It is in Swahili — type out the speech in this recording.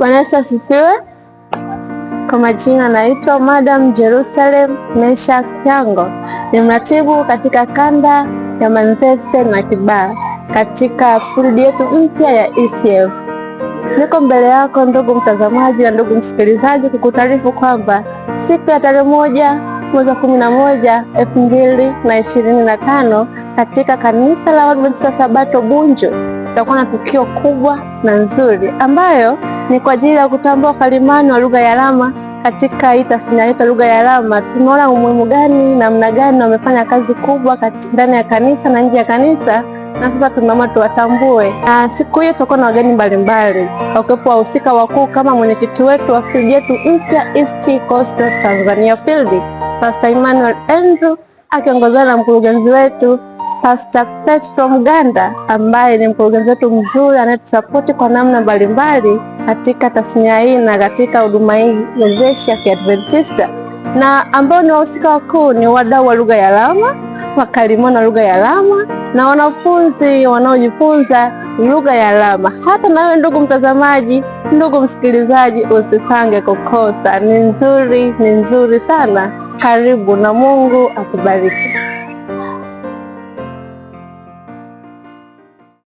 Bwana Yesu asifiwe. Kwa majina naitwa Madam Jerusalem Mesha Kyango, ni mratibu katika kanda ya Manzese na Kibaha katika furudi yetu mpya ya ECF. Niko mbele yako ndugu mtazamaji na ndugu msikilizaji, kukutaarifu kwamba siku ya tarehe moja mwezi wa kumi na moja elfu mbili na ishirini na tano katika kanisa la Waadventista Sabato Bunju tutakuwa na tukio kubwa na nzuri ambayo ni kwa ajili ya kutambua wakalimani wa lugha ya alama katika hii tasnia yetu lugha ya alama. Tumeona umuhimu gani, namna gani wamefanya kazi kubwa ndani ya kanisa na nje ya kanisa na sasa tunaomba tuwatambue, na siku hiyo tutakuwa na wageni mbalimbali wakiwepo wahusika wakuu kama mwenyekiti wetu wa field yetu mpya East Coast Tanzania Field, Pastor Emmanuel Andrew akiongozana na mkurugenzi wetu Pastor Petro Mganda ambaye ni mkurugenzi wetu mzuri anayetusapoti kwa namna mbalimbali mbali katika tasnia hii na katika huduma hii wezeshi ya Kiadventista na ambao ni wahusika wakuu ni wadau wa lugha ya alama, wakalimani wa lugha ya alama na wanafunzi wanaojifunza lugha ya alama. Hata nawe ndugu mtazamaji, ndugu msikilizaji, usipange kukosa. Ni nzuri, ni nzuri sana. Karibu na Mungu akubariki.